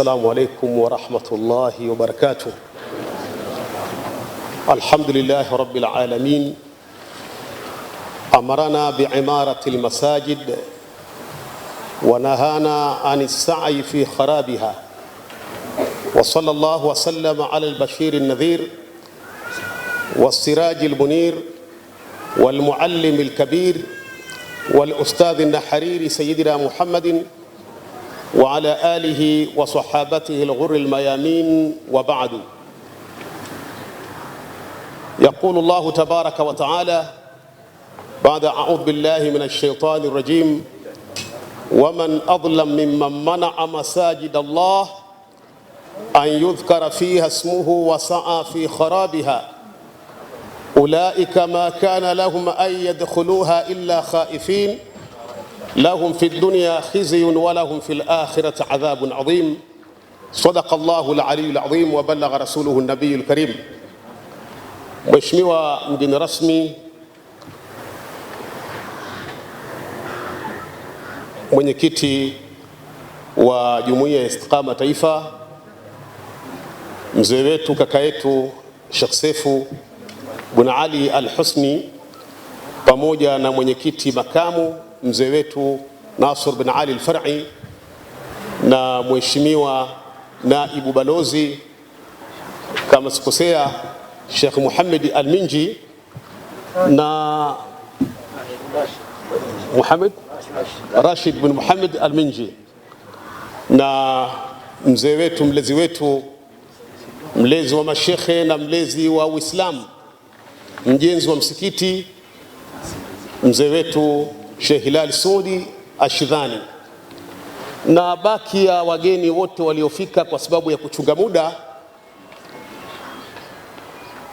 السلام عليكم ورحمة الله وبركاته الحمد لله رب العالمين أمرنا بعمارة المساجد ونهانا عن السعي في خرابها وصلى الله وسلم على البشير النذير والسراج المنير والمعلم الكبير والأستاذ النحرير سيدنا محمد وعلى آله وصحابته الغر الميامين وبعد يقول الله تبارك وتعالى بعد أعوذ بالله من الشيطان الرجيم ومن أظلم ممن منع مساجد الله أن يذكر فيها اسمه وسعى في خرابها أولئك ما كان لهم أن يدخلوها إلا خائفين لهم في الدنيا خزي ولهم في الآخرة عذاب عظيم صدق Allahu al-Ali al-Azim wa balagha rasuluhu an-nabiy al-karim. Mheshimiwa mgeni rasmi, mwenyekiti wa Jumuiya ya Istiqama Taifa, mzee wetu kaka yetu Sheikh Sefu Bun Ali Al-Husni pamoja na mwenyekiti makamu mzee wetu Nasr bin Ali al na mheshimiwa naibu balozi, kama sikosea, Sheikh Muhammad alminji na Muhammad Rashid bin Muhammad alminji na mzee wetu mlezi wetu mlezi wa mashekhe na mlezi wa Uislamu, mjenzi wa msikiti mzee wetu Sheikh Hilal Sudi Ashidhani na baki ya wageni wote waliofika. Kwa sababu ya kuchunga muda,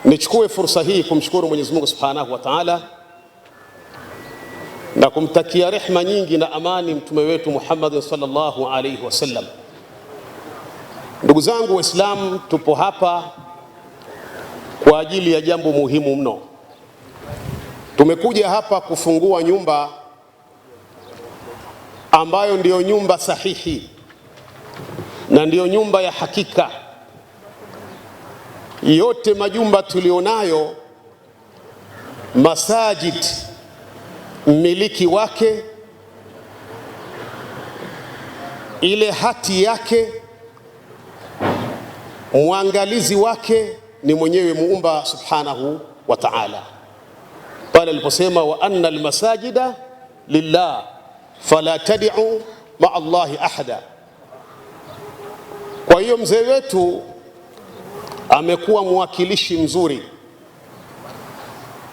nichukue fursa hii kumshukuru Mwenyezi Mungu Subhanahu wa Ta'ala na kumtakia rehma nyingi na amani mtume wetu Muhammad sallallahu alaihi wasallam. Ndugu zangu Waislamu, tupo hapa kwa ajili ya jambo muhimu mno. Tumekuja hapa kufungua nyumba ambayo ndiyo nyumba sahihi na ndiyo nyumba ya hakika. Yote majumba tulionayo masajid, mmiliki wake, ile hati yake, mwangalizi wake ni mwenyewe Muumba subhanahu wa ta'ala, pale aliposema wa anna almasajida lillah fala tadiu maa Allahi ahada. Kwa hiyo mzee wetu amekuwa mwakilishi mzuri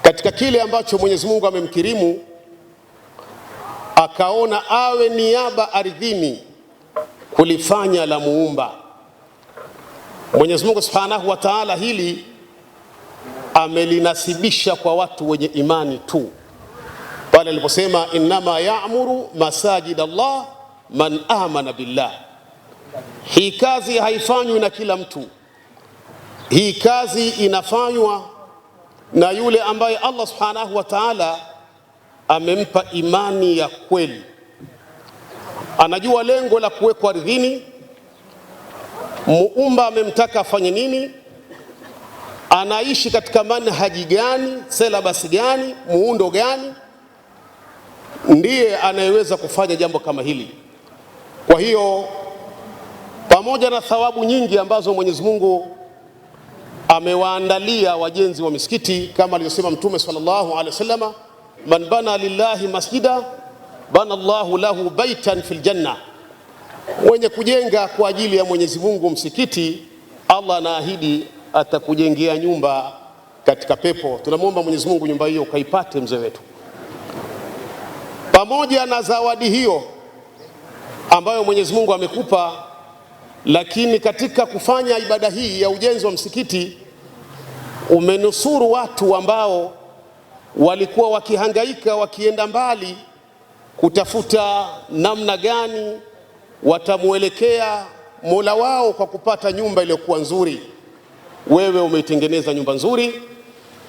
katika kile ambacho Mwenyezi Mungu amemkirimu akaona awe niaba ardhini kulifanya la Muumba. Mwenyezi Mungu Subhanahu wa Ta'ala hili amelinasibisha kwa watu wenye imani tu pale aliposema innama ya'muru masajid Allah man amana billah. Hii kazi haifanywi na kila mtu, hii kazi inafanywa na yule ambaye Allah subhanahu wa ta'ala amempa imani ya kweli, anajua lengo la kuwekwa ardhini, muumba amemtaka afanye nini, anaishi katika manhaji gani, selabasi gani, muundo gani ndiye anayeweza kufanya jambo kama hili. Kwa hiyo pamoja na thawabu nyingi ambazo Mwenyezi Mungu amewaandalia wajenzi wa misikiti kama alivyosema Mtume sallallahu alaihi wasallam, man bana lillahi masjida bana Allahu lahu baitan fil janna, mwenye kujenga kwa ajili ya Mwenyezi Mungu msikiti, Allah anaahidi atakujengea nyumba katika pepo. Tunamwomba Mwenyezi Mungu nyumba hiyo ukaipate mzee wetu. Pamoja na zawadi hiyo ambayo Mwenyezi Mungu amekupa, lakini katika kufanya ibada hii ya ujenzi wa msikiti umenusuru watu ambao walikuwa wakihangaika wakienda mbali kutafuta namna gani watamwelekea Mola wao kwa kupata nyumba iliyokuwa nzuri. Wewe umeitengeneza nyumba nzuri,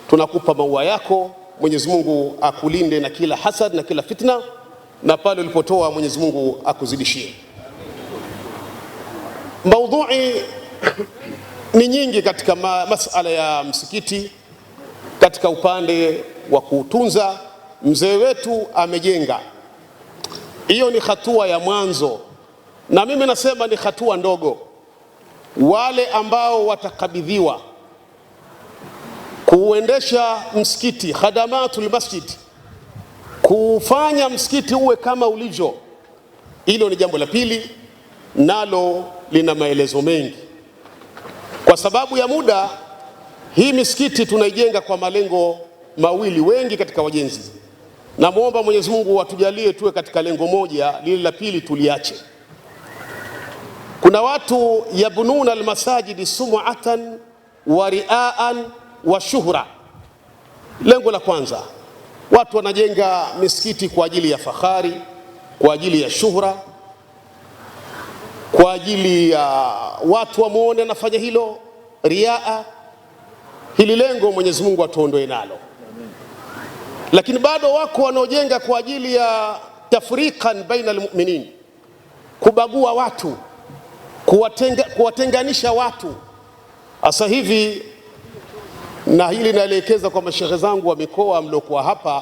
tunakupa maua yako. Mwenyezi Mungu akulinde na kila hasad na kila fitna, na pale ulipotoa Mwenyezi Mungu akuzidishie. Maudhui ni nyingi katika masala ya msikiti, katika upande wa kutunza Mzee wetu amejenga, hiyo ni hatua ya mwanzo, na mimi nasema ni hatua ndogo. Wale ambao watakabidhiwa kuuendesha msikiti, khadamatul masjid, kufanya msikiti uwe kama ulivyo. Hilo ni jambo la pili, nalo lina maelezo mengi. Kwa sababu ya muda, hii misikiti tunaijenga kwa malengo mawili, wengi katika wajenzi. Namwomba Mwenyezi Mungu atujalie tuwe katika lengo moja, lile la pili tuliache. Kuna watu yabununa almasajidi sumuatan wa riaan wa shuhura. Lengo la kwanza, watu wanajenga misikiti kwa ajili ya fahari, kwa ajili ya shuhura, kwa ajili ya watu wamwone anafanya hilo, riaa. Hili lengo Mwenyezi Mungu atuondoe nalo, lakini bado wako wanaojenga kwa ajili ya tafriqan baina almu'minin, kubagua watu, kuwatenga, kuwatenganisha watu. Sasa hivi na hili naelekeza kwa mashehe zangu wa mikoa mliokuwa hapa.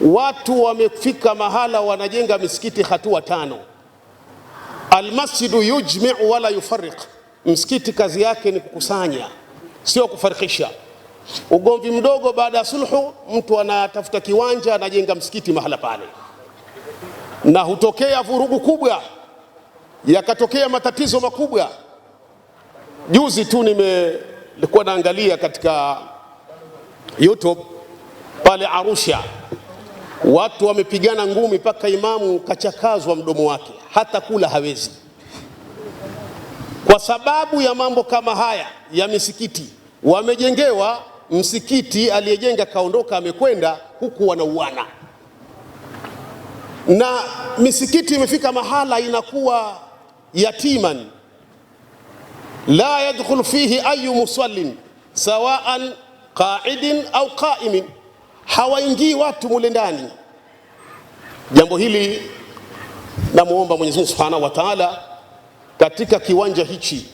Watu wamefika mahala wanajenga misikiti hatua tano. Almasjidu yujmiu wala yufariq, msikiti kazi yake ni kukusanya, sio kufarikisha. Ugomvi mdogo baada ya sulhu, mtu anatafuta kiwanja anajenga msikiti mahala pale, na hutokea vurugu kubwa, yakatokea matatizo makubwa. Juzi tu nime nilikuwa naangalia katika YouTube pale Arusha, watu wamepigana ngumi mpaka imamu kachakazwa mdomo wake, hata kula hawezi, kwa sababu ya mambo kama haya ya misikiti. Wamejengewa msikiti, aliyejenga kaondoka, amekwenda huku, wanauana na misikiti imefika mahala inakuwa yatiman la yadkhulu fihi ayu musallin sawaan qaidin au qaimin, hawaingii watu mule ndani. Jambo hili namuomba Mwenyezi Mungu Subhanahu wa Ta'ala, katika kiwanja hichi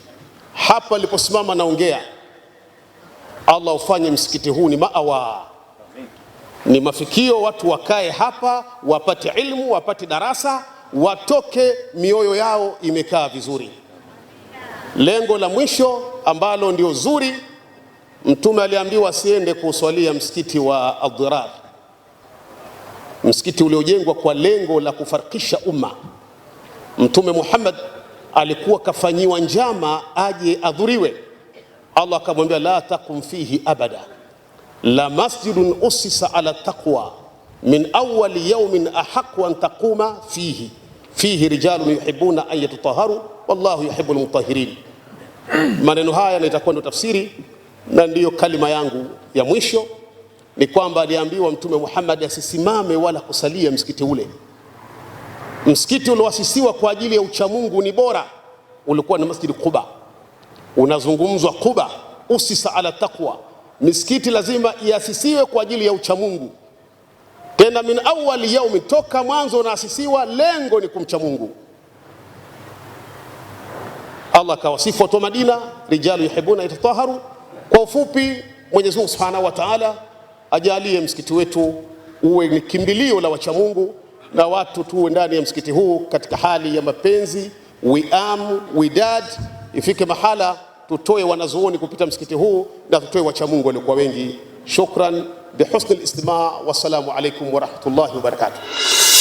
hapa niliposimama naongea, Allah ufanye msikiti huu ni maawa ni mafikio, watu wakae hapa wapate ilmu, wapate darasa, watoke mioyo yao imekaa vizuri. Lengo la mwisho ambalo ndio zuri, Mtume aliambiwa asiende kuuswalia msikiti wa Adrar, msikiti uliojengwa kwa lengo la kufarikisha umma. Mtume Muhammad alikuwa kafanyiwa njama aje adhuriwe. Allah akamwambia la takum fihi abada la masjidun usisa ala taqwa min awali yaumin ahaqu an taquma fihi fihi rijalun yuhibbuna an yatutaharu wallahu yuhibu lmutahirin Maneno haya na ndio tafsiri na ndiyo kalima yangu ya mwisho ni kwamba aliambiwa Mtume Muhammad asisimame wala kusalia msikiti ule. Msikiti ulioasisiwa kwa ajili ya uchamungu ni bora, ulikuwa na masjidi Quba, unazungumzwa Quba, usisa ala taqwa. Misikiti lazima iasisiwe kwa ajili ya uchamungu tena min awali yaumi, toka mwanzo unaasisiwa, lengo ni kumcha Mungu. Allah akawasifu watu wa Madina, rijalu yuhibuna yatataharu. Kwa ufupi, Mwenyezi Mungu subhanahu wa taala ajalie msikiti wetu uwe ni kimbilio la wacha Mungu, na watu tuwe ndani ya msikiti huu katika hali ya mapenzi, wiamu, widad. Ifike mahala tutoe wanazuoni kupita msikiti huu na tutoe wacha Mungu waliokuwa wengi. Shukran. بحسن الاستماع والسلام عليكم ورحمة الله وبركاته